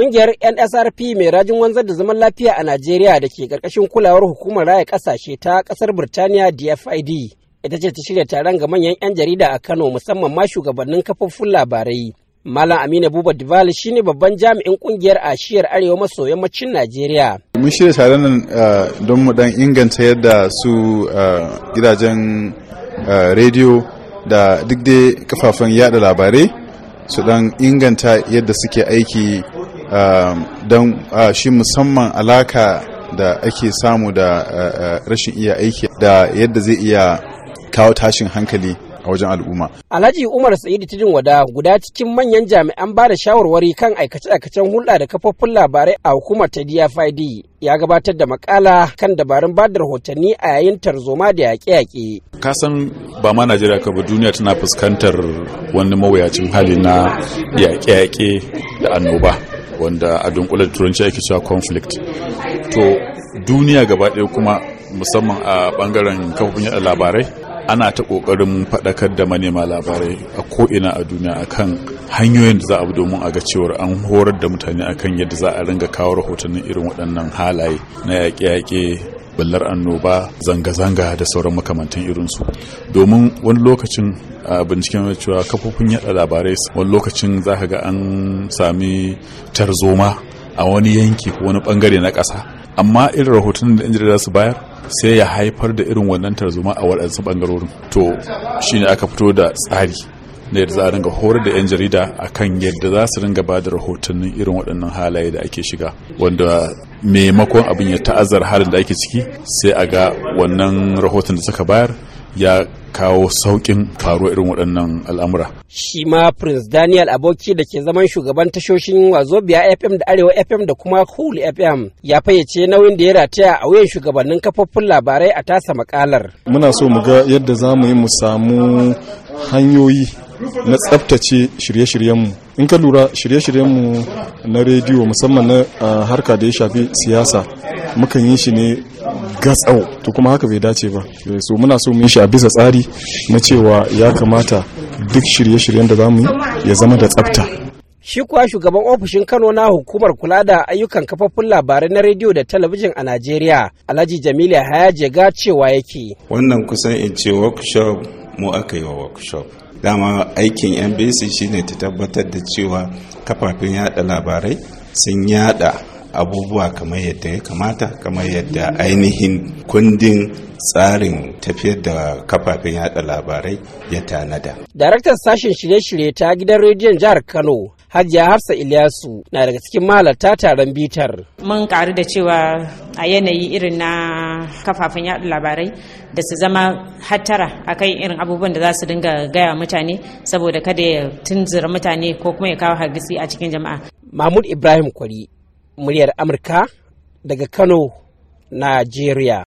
Kungiyar NSRP mai rajin wanzar da zaman lafiya a Najeriya da ke karkashin kulawar hukumar raya kasashe ta kasar Birtaniya DFID ita ce ta shirya taron ga manyan 'yan jarida a Kano musamman ma shugabannin kafofin labarai. Malam Aminu Buba Duval shine babban jami'in kungiyar a shiyar arewa maso yammacin Najeriya. Mun shirya taron nan uh, don mu dan inganta yadda su uh, gidajen uh, rediyo da duk dai kafafen yada labarai su dan inganta yadda suke aiki Um, don uh, shi musamman alaka da ake samu da uh, uh, rashin iya aiki da yadda zai iya kawo tashin hankali a wajen al'umma. Alhaji Umar Sa'idu Tijin Wada guda cikin manyan jami'an ba da shawarwari kan aikace-aikacen hulɗa da kafofin labarai a hukumar ta DFID ya gabatar da makala kan dabarun ba da rahotanni a yayin tarzoma da yaƙe-yaƙe. Ka san ba ma Najeriya ka ba duniya tana fuskantar wani mawuyacin hali na yaƙe-yaƙe da annoba. wanda a dunkule da turanci ake cewa conflict to duniya gaba ɗaya kuma musamman a bangaren kafofin yada labarai ana ta kokarin faɗakar da manema labarai a ko'ina a duniya akan hanyoyin da za a bi domin a ga cewar an horar da mutane akan yadda za a ringa kawo rahotannin irin waɗannan halaye na yaƙe-yaƙe Ballar annoba zanga-zanga da sauran makamantan irinsu domin wani lokacin a binciken cewa kafofin yada labarai wani lokacin za ka ga an sami tarzoma a wani yanki ko wani bangare na ƙasa amma irin rahoton da 'yan za su bayar sai ya haifar da irin wannan tarzoma a waɗansu ɓangarorin to shine aka fito da tsari da yadda za a ringa horar da 'yan jarida a kan yadda za su ringa ba da rahotannin irin waɗannan halaye da ake shiga wanda maimakon abin ya ta'azzar halin da ake ciki sai a ga wannan rahoton da suka bayar ya kawo sauƙin faruwar irin waɗannan al'amura. Shi ma Prince Daniel Aboki da ke zaman shugaban tashoshin Wazobia FM da Arewa FM da kuma Cool FM ya fayyace nauyin da ya rataya a wuyan shugabannin kafofin labarai a tasa makalar. Muna so mu ga yadda za mu yi mu samu hanyoyi na tsaftace shirye-shiryenmu in ka lura shirye-shiryenmu na rediyo musamman na harka da ya shafi siyasa mukan yi shi ne gatsau to kuma haka bai dace ba eh, so muna so mu yi shi a bisa tsari na cewa ya kamata duk shirye-shiryen da zamu yi ya zama da tsafta shi kuwa shugaban ofishin kano na hukumar kula da ayyukan kafafun labarai na rediyo da talabijin a najeriya alhaji jamilu hayajega cewa yake wannan kusan in ce workshop mu aka yi wa workshop dama aikin nbc shine ta tabbatar da cewa kafafen yada labarai sun yada abubuwa kamar yadda ya kamata kamar yadda ainihin kundin tsarin tafiyar da kafafen yada labarai ya tanada. Daraktan sashen shirye-shirye ta gidan rediyon jihar Kano, Hajiya Hafsa Ilyasu na daga cikin malarta taron bitar. Mun karu da cewa a yanayi irin na kafafen yaɗa labarai da su zama hattara akan irin abubuwan da za su dinga gaya mutane saboda kada ya tunzura mutane ko kuma ya kawo hargitsi a cikin jama'a. Mahmud Ibrahim Kwari, muryar Amurka daga Kano, Najeriya.